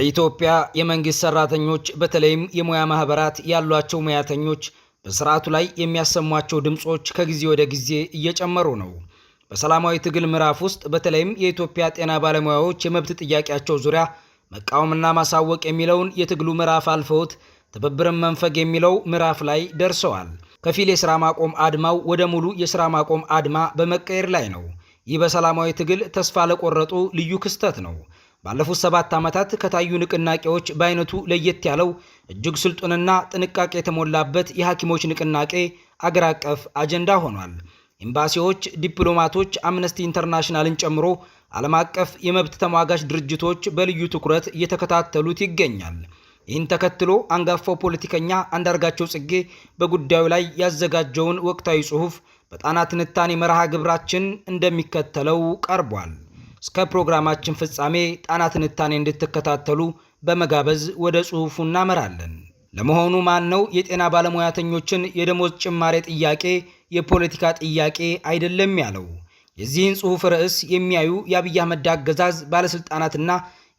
በኢትዮጵያ የመንግስት ሰራተኞች በተለይም የሙያ ማህበራት ያሏቸው ሙያተኞች በስርዓቱ ላይ የሚያሰሟቸው ድምፆች ከጊዜ ወደ ጊዜ እየጨመሩ ነው። በሰላማዊ ትግል ምዕራፍ ውስጥ በተለይም የኢትዮጵያ ጤና ባለሙያዎች የመብት ጥያቄያቸው ዙሪያ መቃወምና ማሳወቅ የሚለውን የትግሉ ምዕራፍ አልፈውት ትብብርን መንፈግ የሚለው ምዕራፍ ላይ ደርሰዋል። ከፊል የስራ ማቆም አድማው ወደ ሙሉ የስራ ማቆም አድማ በመቀየር ላይ ነው። ይህ በሰላማዊ ትግል ተስፋ ለቆረጡ ልዩ ክስተት ነው። ባለፉት ሰባት ዓመታት ከታዩ ንቅናቄዎች በአይነቱ ለየት ያለው እጅግ ስልጡንና ጥንቃቄ የተሞላበት የሐኪሞች ንቅናቄ አገር አቀፍ አጀንዳ ሆኗል። ኤምባሲዎች፣ ዲፕሎማቶች፣ አምነስቲ ኢንተርናሽናልን ጨምሮ ዓለም አቀፍ የመብት ተሟጋች ድርጅቶች በልዩ ትኩረት እየተከታተሉት ይገኛል። ይህን ተከትሎ አንጋፋው ፖለቲከኛ አንዳርጋቸው ጽጌ በጉዳዩ ላይ ያዘጋጀውን ወቅታዊ ጽሑፍ በጣና ትንታኔ መርሃ ግብራችን እንደሚከተለው ቀርቧል። እስከ ፕሮግራማችን ፍጻሜ ጣና ትንታኔ እንድትከታተሉ በመጋበዝ ወደ ጽሑፉ እናመራለን። ለመሆኑ ማን ነው የጤና ባለሙያተኞችን የደሞዝ ጭማሬ ጥያቄ የፖለቲካ ጥያቄ አይደለም ያለው? የዚህን ጽሑፍ ርዕስ የሚያዩ የአብይ አህመድ አገዛዝ ባለሥልጣናትና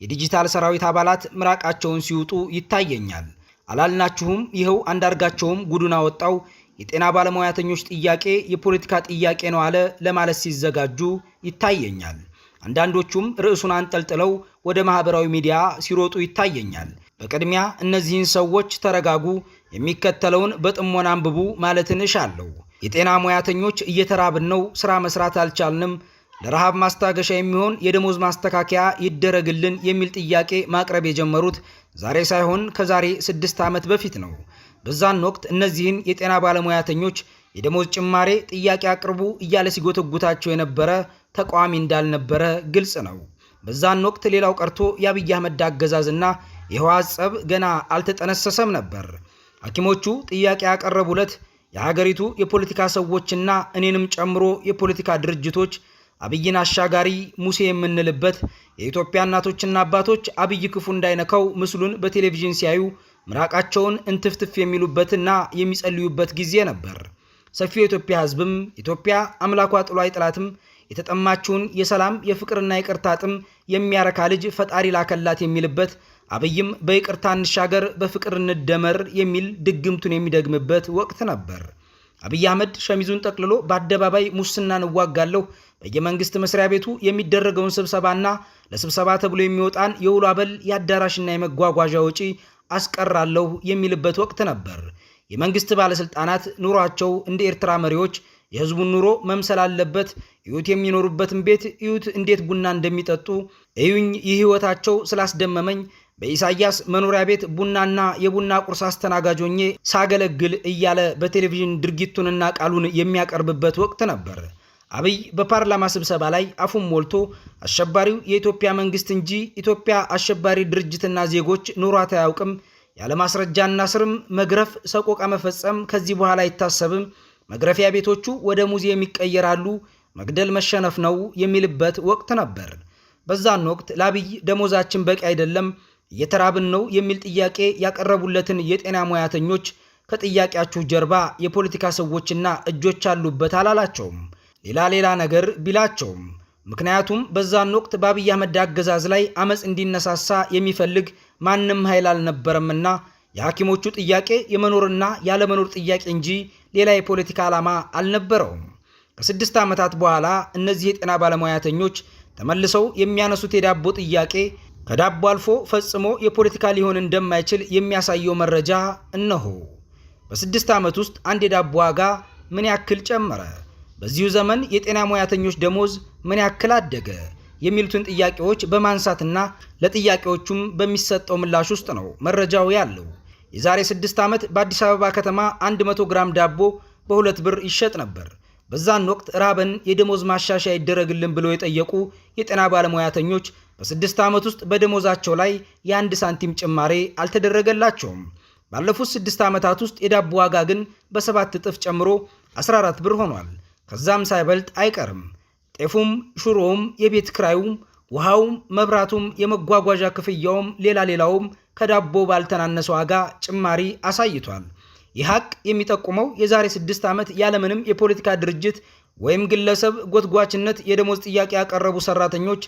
የዲጂታል ሰራዊት አባላት ምራቃቸውን ሲውጡ ይታየኛል። አላልናችሁም? ይኸው አንዳርጋቸውም ጉዱን አወጣው። የጤና ባለሙያተኞች ጥያቄ የፖለቲካ ጥያቄ ነው አለ ለማለት ሲዘጋጁ ይታየኛል። አንዳንዶቹም ርዕሱን አንጠልጥለው ወደ ማህበራዊ ሚዲያ ሲሮጡ ይታየኛል። በቅድሚያ እነዚህን ሰዎች ተረጋጉ፣ የሚከተለውን በጥሞና አንብቡ ማለትን እሻለሁ። የጤና ሙያተኞች እየተራብን ነው፣ ስራ መስራት አልቻልንም፣ ለረሃብ ማስታገሻ የሚሆን የደሞዝ ማስተካከያ ይደረግልን የሚል ጥያቄ ማቅረብ የጀመሩት ዛሬ ሳይሆን ከዛሬ ስድስት ዓመት በፊት ነው። በዛን ወቅት እነዚህን የጤና ባለሙያተኞች የደሞዝ ጭማሬ ጥያቄ አቅርቡ እያለ ሲጎተጉታቸው የነበረ ተቃዋሚ እንዳልነበረ ግልጽ ነው። በዛን ወቅት ሌላው ቀርቶ የአብይ አህመድ አገዛዝና የህወሓት ጸብ ገና አልተጠነሰሰም ነበር። ሐኪሞቹ ጥያቄ ያቀረቡለት የሀገሪቱ የፖለቲካ ሰዎችና እኔንም ጨምሮ የፖለቲካ ድርጅቶች አብይን አሻጋሪ ሙሴ የምንልበት የኢትዮጵያ እናቶችና አባቶች አብይ ክፉ እንዳይነካው ምስሉን በቴሌቪዥን ሲያዩ ምራቃቸውን እንትፍትፍ የሚሉበትና የሚጸልዩበት ጊዜ ነበር። ሰፊው የኢትዮጵያ ህዝብም ኢትዮጵያ አምላኳ ጥሎ አይጥላትም የተጠማችውን የሰላም የፍቅርና ይቅርታ ጥም የሚያረካ ልጅ ፈጣሪ ላከላት የሚልበት አብይም በይቅርታ እንሻገር በፍቅር እንደመር የሚል ድግምቱን የሚደግምበት ወቅት ነበር። አብይ አህመድ ሸሚዙን ጠቅልሎ በአደባባይ ሙስናን እዋጋለሁ፣ በየመንግስት መስሪያ ቤቱ የሚደረገውን ስብሰባና ለስብሰባ ተብሎ የሚወጣን የውሎ አበል የአዳራሽና የመጓጓዣ ወጪ አስቀራለሁ የሚልበት ወቅት ነበር። የመንግስት ባለስልጣናት ኑሯቸው እንደ ኤርትራ መሪዎች የህዝቡን ኑሮ መምሰል አለበት። እዩት የሚኖሩበትን ቤት እዩት፣ እንዴት ቡና እንደሚጠጡ እዩኝ። ይህ ህይወታቸው ስላስደመመኝ በኢሳያስ መኖሪያ ቤት ቡናና የቡና ቁርስ አስተናጋጅ ሆኜ ሳገለግል እያለ በቴሌቪዥን ድርጊቱንና ቃሉን የሚያቀርብበት ወቅት ነበር። አብይ በፓርላማ ስብሰባ ላይ አፉን ሞልቶ አሸባሪው የኢትዮጵያ መንግስት እንጂ ኢትዮጵያ አሸባሪ ድርጅትና ዜጎች ኑሯት አያውቅም፣ ያለማስረጃና ስርም መግረፍ፣ ሰቆቃ መፈጸም ከዚህ በኋላ አይታሰብም መግረፊያ ቤቶቹ ወደ ሙዚየም ይቀየራሉ፣ መግደል መሸነፍ ነው የሚልበት ወቅት ነበር። በዛን ወቅት ለአብይ ደሞዛችን በቂ አይደለም፣ እየተራብን ነው የሚል ጥያቄ ያቀረቡለትን የጤና ሙያተኞች ከጥያቄያችሁ ጀርባ የፖለቲካ ሰዎችና እጆች አሉበት አላላቸውም። ሌላ ሌላ ነገር ቢላቸውም ምክንያቱም በዛን ወቅት በአብይ አህመድ አገዛዝ ላይ አመፅ እንዲነሳሳ የሚፈልግ ማንም ኃይል አልነበረምና የሐኪሞቹ ጥያቄ የመኖርና ያለመኖር ጥያቄ እንጂ ሌላ የፖለቲካ ዓላማ አልነበረውም። ከስድስት ዓመታት በኋላ እነዚህ የጤና ባለሙያተኞች ተመልሰው የሚያነሱት የዳቦ ጥያቄ ከዳቦ አልፎ ፈጽሞ የፖለቲካ ሊሆን እንደማይችል የሚያሳየው መረጃ እነሆ። በስድስት ዓመት ውስጥ አንድ የዳቦ ዋጋ ምን ያክል ጨመረ? በዚሁ ዘመን የጤና ሙያተኞች ደሞዝ ምን ያክል አደገ? የሚሉትን ጥያቄዎች በማንሳትና ለጥያቄዎቹም በሚሰጠው ምላሽ ውስጥ ነው መረጃው ያለው። የዛሬ ስድስት ዓመት በአዲስ አበባ ከተማ 100 ግራም ዳቦ በሁለት ብር ይሸጥ ነበር። በዛን ወቅት ራበን፣ የደሞዝ ማሻሻያ ይደረግልን ብሎ የጠየቁ የጤና ባለሙያተኞች በስድስት ዓመት ውስጥ በደሞዛቸው ላይ የአንድ ሳንቲም ጭማሬ አልተደረገላቸውም። ባለፉት ስድስት ዓመታት ውስጥ የዳቦ ዋጋ ግን በሰባት እጥፍ ጨምሮ 14 ብር ሆኗል። ከዛም ሳይበልጥ አይቀርም። ጤፉም፣ ሹሮውም፣ የቤት ክራዩም፣ ውሃውም፣ መብራቱም፣ የመጓጓዣ ክፍያውም፣ ሌላ ሌላውም ከዳቦ ባልተናነሰ ዋጋ ጭማሪ አሳይቷል። ይህ ሀቅ የሚጠቁመው የዛሬ ስድስት ዓመት ያለምንም የፖለቲካ ድርጅት ወይም ግለሰብ ጎትጓችነት የደሞዝ ጥያቄ ያቀረቡ ሰራተኞች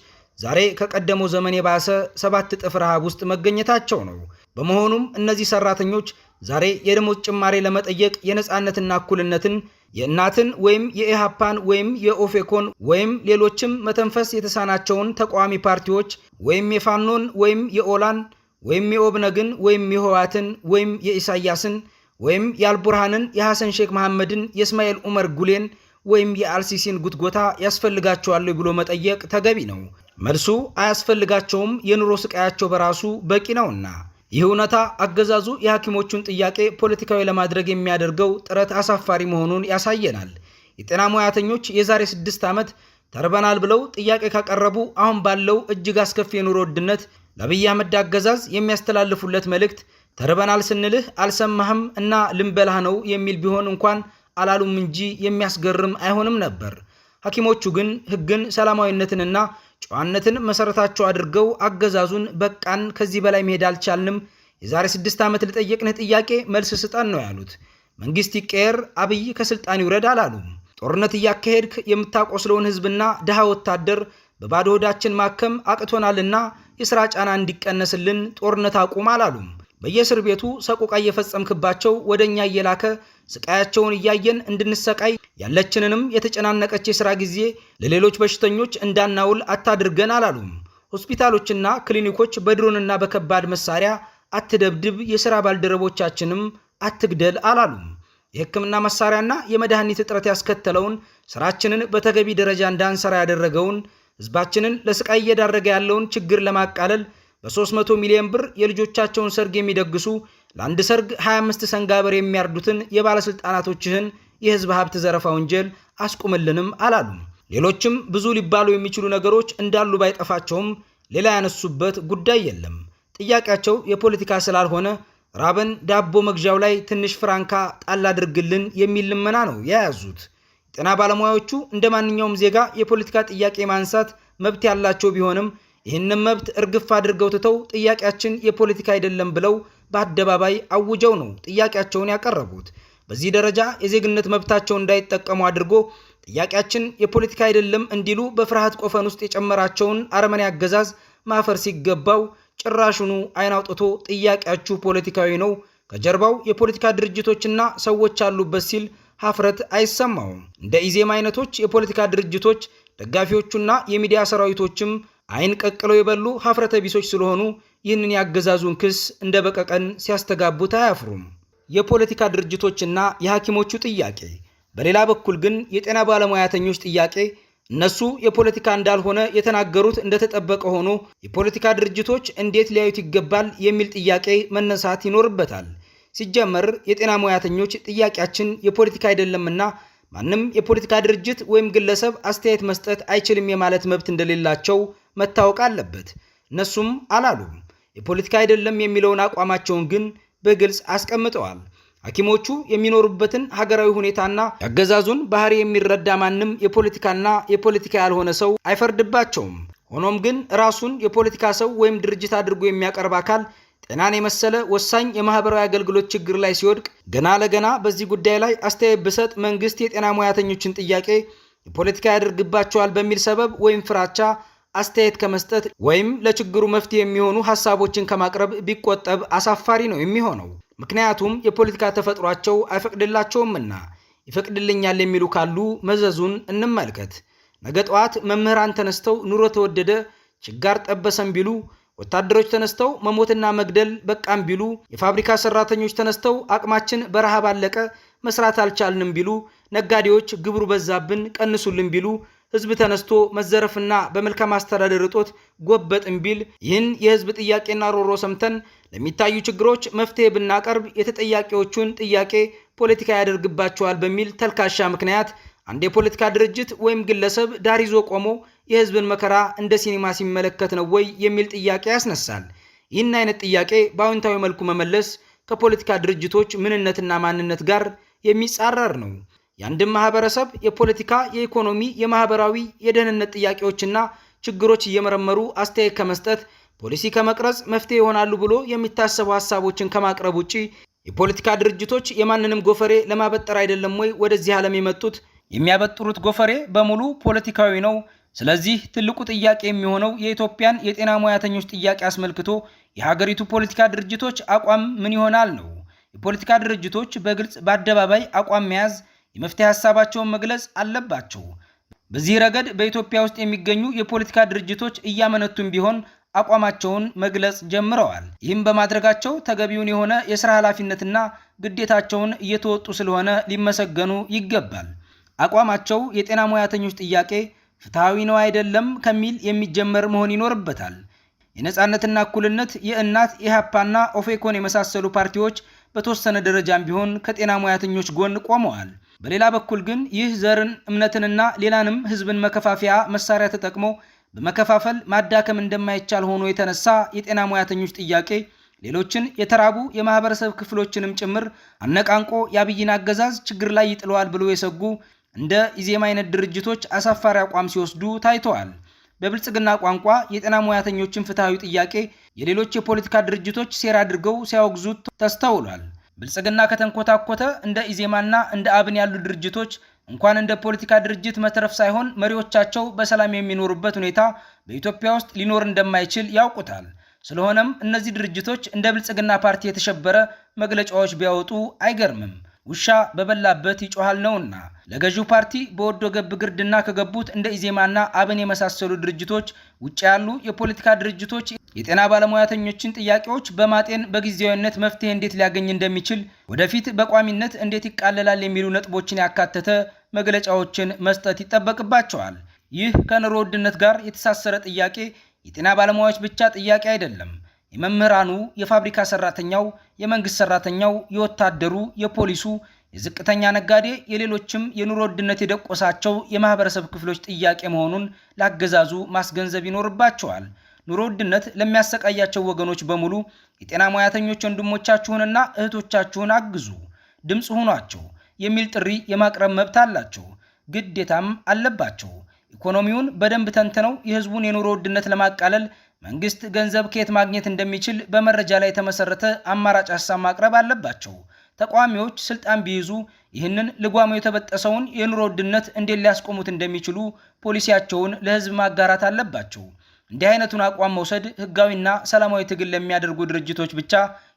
ዛሬ ከቀደመው ዘመን የባሰ ሰባት እጥፍ ረሃብ ውስጥ መገኘታቸው ነው። በመሆኑም እነዚህ ሰራተኞች ዛሬ የደሞዝ ጭማሪ ለመጠየቅ የነፃነትና እኩልነትን የእናትን ወይም የኢሃፓን ወይም የኦፌኮን ወይም ሌሎችም መተንፈስ የተሳናቸውን ተቃዋሚ ፓርቲዎች ወይም የፋኖን ወይም የኦላን ወይም የኦብነግን ወይም የህዋትን ወይም የኢሳያስን ወይም የአልቡርሃንን የሐሰን ሼክ መሐመድን የእስማኤል ዑመር ጉሌን ወይም የአልሲሲን ጉትጎታ ያስፈልጋቸዋል ብሎ መጠየቅ ተገቢ ነው። መልሱ አያስፈልጋቸውም፣ የኑሮ ስቃያቸው በራሱ በቂ ነውና። ይህ እውነታ አገዛዙ የሐኪሞቹን ጥያቄ ፖለቲካዊ ለማድረግ የሚያደርገው ጥረት አሳፋሪ መሆኑን ያሳየናል። የጤና ሙያተኞች የዛሬ ስድስት ዓመት ተርበናል ብለው ጥያቄ ካቀረቡ አሁን ባለው እጅግ አስከፊ የኑሮ ውድነት ለአብይ አህመድ አገዛዝ የሚያስተላልፉለት መልእክት ተርበናል ስንልህ አልሰማህም እና ልንበላህ ነው የሚል ቢሆን እንኳን አላሉም እንጂ የሚያስገርም አይሆንም ነበር። ሐኪሞቹ ግን ህግን፣ ሰላማዊነትንና ጨዋነትን መሰረታቸው አድርገው አገዛዙን በቃን፣ ከዚህ በላይ መሄድ አልቻልንም፣ የዛሬ ስድስት ዓመት ለጠየቅንህ ጥያቄ መልስ ስጠን ነው ያሉት። መንግስት ይቀየር፣ አብይ ከስልጣን ይውረድ አላሉም። ጦርነት እያካሄድክ የምታቆስለውን ህዝብና ድሃ ወታደር በባዶ ሆዳችን ማከም አቅቶናልና የሥራ ጫና እንዲቀነስልን ጦርነት አቁም አላሉም። በየእስር ቤቱ ሰቆቃ እየፈጸምክባቸው ወደ እኛ እየላከ ስቃያቸውን እያየን እንድንሰቃይ ያለችንንም የተጨናነቀች የሥራ ጊዜ ለሌሎች በሽተኞች እንዳናውል አታድርገን አላሉም። ሆስፒታሎችና ክሊኒኮች በድሮንና በከባድ መሳሪያ አትደብድብ፣ የሥራ ባልደረቦቻችንም አትግደል አላሉም። የሕክምና መሳሪያና የመድኃኒት እጥረት ያስከተለውን ስራችንን በተገቢ ደረጃ እንዳንሰራ ያደረገውን ህዝባችንን ለስቃይ እየዳረገ ያለውን ችግር ለማቃለል በ300 ሚሊዮን ብር የልጆቻቸውን ሰርግ የሚደግሱ ለአንድ ሰርግ 25 ሰንጋበር የሚያርዱትን የባለሥልጣናቶችህን የህዝብ ሀብት ዘረፋ ወንጀል አስቁምልንም አላሉ ሌሎችም ብዙ ሊባሉ የሚችሉ ነገሮች እንዳሉ ባይጠፋቸውም ሌላ ያነሱበት ጉዳይ የለም። ጥያቄያቸው የፖለቲካ ስላልሆነ ራበን፣ ዳቦ መግዣው ላይ ትንሽ ፍራንካ ጣል አድርግልን የሚል ልመና ነው የያዙት። ጤና ባለሙያዎቹ እንደ ማንኛውም ዜጋ የፖለቲካ ጥያቄ ማንሳት መብት ያላቸው ቢሆንም ይህንም መብት እርግፍ አድርገው ትተው ጥያቄያችን የፖለቲካ አይደለም ብለው በአደባባይ አውጀው ነው ጥያቄያቸውን ያቀረቡት። በዚህ ደረጃ የዜግነት መብታቸው እንዳይጠቀሙ አድርጎ ጥያቄያችን የፖለቲካ አይደለም እንዲሉ በፍርሃት ቆፈን ውስጥ የጨመራቸውን አረመኔ አገዛዝ ማፈር ሲገባው ጭራሹኑ አይናውጥቶ አውጥቶ ጥያቄያችሁ ፖለቲካዊ ነው፣ ከጀርባው የፖለቲካ ድርጅቶችና ሰዎች አሉበት ሲል ሀፍረት አይሰማውም። እንደ ኢዜማ አይነቶች የፖለቲካ ድርጅቶች ደጋፊዎቹና የሚዲያ ሰራዊቶችም አይን ቀቅለው የበሉ ሀፍረተ ቢሶች ስለሆኑ ይህንን ያገዛዙን ክስ እንደ በቀቀን ሲያስተጋቡት አያፍሩም። የፖለቲካ ድርጅቶችና የሐኪሞቹ ጥያቄ፣ በሌላ በኩል ግን የጤና ባለሙያተኞች ጥያቄ እነሱ የፖለቲካ እንዳልሆነ የተናገሩት እንደተጠበቀ ሆኖ የፖለቲካ ድርጅቶች እንዴት ሊያዩት ይገባል የሚል ጥያቄ መነሳት ይኖርበታል። ሲጀመር የጤና ሙያተኞች ጥያቄያችን የፖለቲካ አይደለምና ማንም የፖለቲካ ድርጅት ወይም ግለሰብ አስተያየት መስጠት አይችልም የማለት መብት እንደሌላቸው መታወቅ አለበት። እነሱም አላሉም። የፖለቲካ አይደለም የሚለውን አቋማቸውን ግን በግልጽ አስቀምጠዋል። ሐኪሞቹ የሚኖሩበትን ሀገራዊ ሁኔታና የአገዛዙን ባህሪ የሚረዳ ማንም የፖለቲካና የፖለቲካ ያልሆነ ሰው አይፈርድባቸውም። ሆኖም ግን ራሱን የፖለቲካ ሰው ወይም ድርጅት አድርጎ የሚያቀርብ አካል ጤናን የመሰለ ወሳኝ የማህበራዊ አገልግሎት ችግር ላይ ሲወድቅ ገና ለገና በዚህ ጉዳይ ላይ አስተያየት ብሰጥ መንግስት የጤና ሙያተኞችን ጥያቄ የፖለቲካ ያደርግባቸዋል በሚል ሰበብ ወይም ፍራቻ አስተያየት ከመስጠት ወይም ለችግሩ መፍትሄ የሚሆኑ ሀሳቦችን ከማቅረብ ቢቆጠብ አሳፋሪ ነው የሚሆነው። ምክንያቱም የፖለቲካ ተፈጥሯቸው አይፈቅድላቸውምና። ይፈቅድልኛል የሚሉ ካሉ መዘዙን እንመልከት። ነገ ጠዋት መምህራን ተነስተው ኑሮ ተወደደ ችጋር ጠበሰም ቢሉ ወታደሮች ተነስተው መሞትና መግደል በቃም ቢሉ፣ የፋብሪካ ሰራተኞች ተነስተው አቅማችን በረሃብ አለቀ መስራት አልቻልንም ቢሉ፣ ነጋዴዎች ግብሩ በዛብን ቀንሱልን ቢሉ ህዝብ ተነስቶ መዘረፍና በመልካም አስተዳደር እጦት ጎበጥን ቢል ይህን የህዝብ ጥያቄና ሮሮ ሰምተን ለሚታዩ ችግሮች መፍትሄ ብናቀርብ የተጠያቂዎቹን ጥያቄ ፖለቲካ ያደርግባቸዋል በሚል ተልካሻ ምክንያት አንድ የፖለቲካ ድርጅት ወይም ግለሰብ ዳር ይዞ ቆሞ የህዝብን መከራ እንደ ሲኒማ ሲመለከት ነው ወይ የሚል ጥያቄ ያስነሳል። ይህን አይነት ጥያቄ በአዎንታዊ መልኩ መመለስ ከፖለቲካ ድርጅቶች ምንነትና ማንነት ጋር የሚጻረር ነው። የአንድን ማህበረሰብ የፖለቲካ፣ የኢኮኖሚ፣ የማህበራዊ፣ የደህንነት ጥያቄዎችና ችግሮች እየመረመሩ አስተያየት ከመስጠት ፖሊሲ ከመቅረጽ መፍትሄ ይሆናሉ ብሎ የሚታሰቡ ሀሳቦችን ከማቅረብ ውጪ የፖለቲካ ድርጅቶች የማንንም ጎፈሬ ለማበጠር አይደለም ወይ ወደዚህ ዓለም የመጡት? የሚያበጥሩት ጎፈሬ በሙሉ ፖለቲካዊ ነው ስለዚህ ትልቁ ጥያቄ የሚሆነው የኢትዮጵያን የጤና ሙያተኞች ጥያቄ አስመልክቶ የሀገሪቱ ፖለቲካ ድርጅቶች አቋም ምን ይሆናል ነው። የፖለቲካ ድርጅቶች በግልጽ በአደባባይ አቋም መያዝ፣ የመፍትሄ ሀሳባቸውን መግለጽ አለባቸው። በዚህ ረገድ በኢትዮጵያ ውስጥ የሚገኙ የፖለቲካ ድርጅቶች እያመነቱም ቢሆን አቋማቸውን መግለጽ ጀምረዋል። ይህም በማድረጋቸው ተገቢውን የሆነ የስራ ኃላፊነትና ግዴታቸውን እየተወጡ ስለሆነ ሊመሰገኑ ይገባል። አቋማቸው የጤና ሙያተኞች ጥያቄ ፍትሐዊ ነው አይደለም ከሚል የሚጀመር መሆን ይኖርበታል። የነፃነትና እኩልነት የእናት ኢህአፓና ኦፌኮን የመሳሰሉ ፓርቲዎች በተወሰነ ደረጃም ቢሆን ከጤና ሙያተኞች ጎን ቆመዋል። በሌላ በኩል ግን ይህ ዘርን እምነትንና ሌላንም ህዝብን መከፋፈያ መሳሪያ ተጠቅሞ በመከፋፈል ማዳከም እንደማይቻል ሆኖ የተነሳ የጤና ሙያተኞች ጥያቄ ሌሎችን የተራቡ የማህበረሰብ ክፍሎችንም ጭምር አነቃንቆ የአብይን አገዛዝ ችግር ላይ ይጥለዋል ብሎ የሰጉ እንደ ኢዜማ አይነት ድርጅቶች አሳፋሪ አቋም ሲወስዱ ታይተዋል። በብልጽግና ቋንቋ የጤና ሙያተኞችን ፍትሐዊ ጥያቄ የሌሎች የፖለቲካ ድርጅቶች ሴራ አድርገው ሲያወግዙት ተስተውሏል። ብልጽግና ከተንኮታኮተ እንደ ኢዜማና እንደ አብን ያሉ ድርጅቶች እንኳን እንደ ፖለቲካ ድርጅት መትረፍ ሳይሆን መሪዎቻቸው በሰላም የሚኖሩበት ሁኔታ በኢትዮጵያ ውስጥ ሊኖር እንደማይችል ያውቁታል። ስለሆነም እነዚህ ድርጅቶች እንደ ብልጽግና ፓርቲ የተሸበረ መግለጫዎች ቢያወጡ አይገርምም። ውሻ በበላበት ይጮሃል ነውና ለገዢው ፓርቲ በወዶ ገብ ግርድና ከገቡት እንደ ኢዜማና አብን የመሳሰሉ ድርጅቶች ውጭ ያሉ የፖለቲካ ድርጅቶች የጤና ባለሙያተኞችን ጥያቄዎች በማጤን በጊዜያዊነት መፍትሄ እንዴት ሊያገኝ እንደሚችል ወደፊት በቋሚነት እንዴት ይቃለላል የሚሉ ነጥቦችን ያካተተ መግለጫዎችን መስጠት ይጠበቅባቸዋል። ይህ ከኑሮ ውድነት ጋር የተሳሰረ ጥያቄ የጤና ባለሙያዎች ብቻ ጥያቄ አይደለም። የመምህራኑ፣ የፋብሪካ ሰራተኛው፣ የመንግስት ሰራተኛው፣ የወታደሩ፣ የፖሊሱ፣ የዝቅተኛ ነጋዴ፣ የሌሎችም የኑሮ ውድነት የደቆሳቸው የማህበረሰብ ክፍሎች ጥያቄ መሆኑን ላገዛዙ ማስገንዘብ ይኖርባቸዋል። ኑሮ ውድነት ለሚያሰቃያቸው ወገኖች በሙሉ የጤና ሙያተኞች ወንድሞቻችሁንና እህቶቻችሁን አግዙ፣ ድምፅ ሁኗቸው የሚል ጥሪ የማቅረብ መብት አላቸው፣ ግዴታም አለባቸው። ኢኮኖሚውን በደንብ ተንትነው የህዝቡን የኑሮ ውድነት ለማቃለል መንግስት ገንዘብ ከየት ማግኘት እንደሚችል በመረጃ ላይ የተመሰረተ አማራጭ ሀሳብ ማቅረብ አለባቸው። ተቃዋሚዎች ስልጣን ቢይዙ ይህንን ልጓሙ የተበጠሰውን የኑሮ ውድነት እንዴት ሊያስቆሙት እንደሚችሉ ፖሊሲያቸውን ለህዝብ ማጋራት አለባቸው። እንዲህ አይነቱን አቋም መውሰድ ህጋዊና ሰላማዊ ትግል ለሚያደርጉ ድርጅቶች ብቻ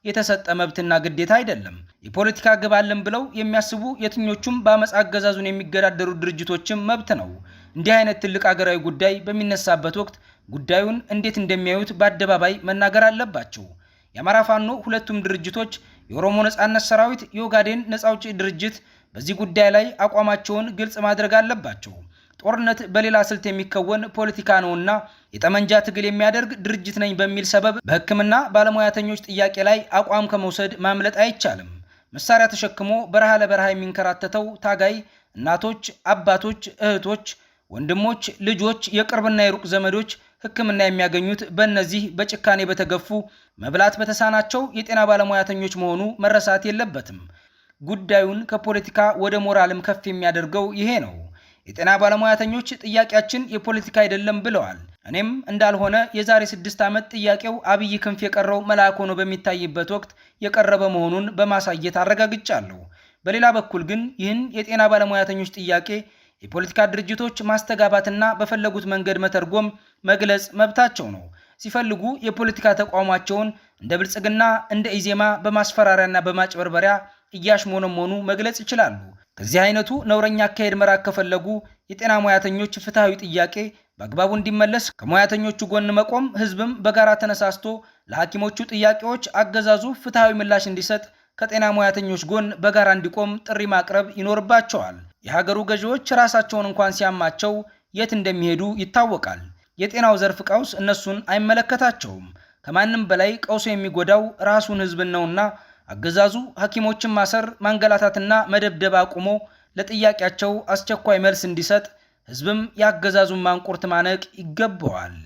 የተሰጠ መብትና ግዴታ አይደለም። የፖለቲካ ግብ አለን ብለው የሚያስቡ የትኞቹም በአመፅ አገዛዙን የሚገዳደሩ ድርጅቶችም መብት ነው። እንዲህ አይነት ትልቅ አገራዊ ጉዳይ በሚነሳበት ወቅት ጉዳዩን እንዴት እንደሚያዩት በአደባባይ መናገር አለባቸው። የአማራ ፋኖ ሁለቱም ድርጅቶች የኦሮሞ ነጻነት ሰራዊት፣ የኦጋዴን ነጻ አውጪ ድርጅት በዚህ ጉዳይ ላይ አቋማቸውን ግልጽ ማድረግ አለባቸው። ጦርነት በሌላ ስልት የሚከወን ፖለቲካ ነውና የጠመንጃ ትግል የሚያደርግ ድርጅት ነኝ በሚል ሰበብ በሕክምና ባለሙያተኞች ጥያቄ ላይ አቋም ከመውሰድ ማምለጥ አይቻልም። መሳሪያ ተሸክሞ በረሃ ለበረሃ የሚንከራተተው ታጋይ እናቶች፣ አባቶች፣ እህቶች፣ ወንድሞች፣ ልጆች፣ የቅርብና የሩቅ ዘመዶች ሕክምና የሚያገኙት በእነዚህ በጭካኔ በተገፉ መብላት በተሳናቸው የጤና ባለሙያተኞች መሆኑ መረሳት የለበትም። ጉዳዩን ከፖለቲካ ወደ ሞራልም ከፍ የሚያደርገው ይሄ ነው። የጤና ባለሙያተኞች ጥያቄያችን የፖለቲካ አይደለም ብለዋል። እኔም እንዳልሆነ የዛሬ ስድስት ዓመት ጥያቄው አብይ ክንፍ የቀረው መልአክ ሆኖ በሚታይበት ወቅት የቀረበ መሆኑን በማሳየት አረጋግጫለሁ። በሌላ በኩል ግን ይህን የጤና ባለሙያተኞች ጥያቄ የፖለቲካ ድርጅቶች ማስተጋባትና በፈለጉት መንገድ መተርጎም፣ መግለጽ መብታቸው ነው። ሲፈልጉ የፖለቲካ ተቋማቸውን እንደ ብልጽግና፣ እንደ ኢዜማ በማስፈራሪያና በማጭበርበሪያ እያሽሞነሞኑ መግለጽ ይችላሉ። ከዚህ አይነቱ ነውረኛ አካሄድ መራቅ ከፈለጉ የጤና ሙያተኞች ፍትሐዊ ጥያቄ በአግባቡ እንዲመለስ ከሙያተኞቹ ጎን መቆም፣ ህዝብም በጋራ ተነሳስቶ ለሐኪሞቹ ጥያቄዎች አገዛዙ ፍትሐዊ ምላሽ እንዲሰጥ ከጤና ሙያተኞች ጎን በጋራ እንዲቆም ጥሪ ማቅረብ ይኖርባቸዋል። የሀገሩ ገዢዎች ራሳቸውን እንኳን ሲያማቸው የት እንደሚሄዱ ይታወቃል። የጤናው ዘርፍ ቀውስ እነሱን አይመለከታቸውም። ከማንም በላይ ቀውሱ የሚጎዳው ራሱን ህዝብን ነውና አገዛዙ ሐኪሞችን ማሰር ማንገላታትና መደብደብ አቁሞ ለጥያቄያቸው አስቸኳይ መልስ እንዲሰጥ ህዝብም የአገዛዙን ማንቁርት ማነቅ ይገባዋል።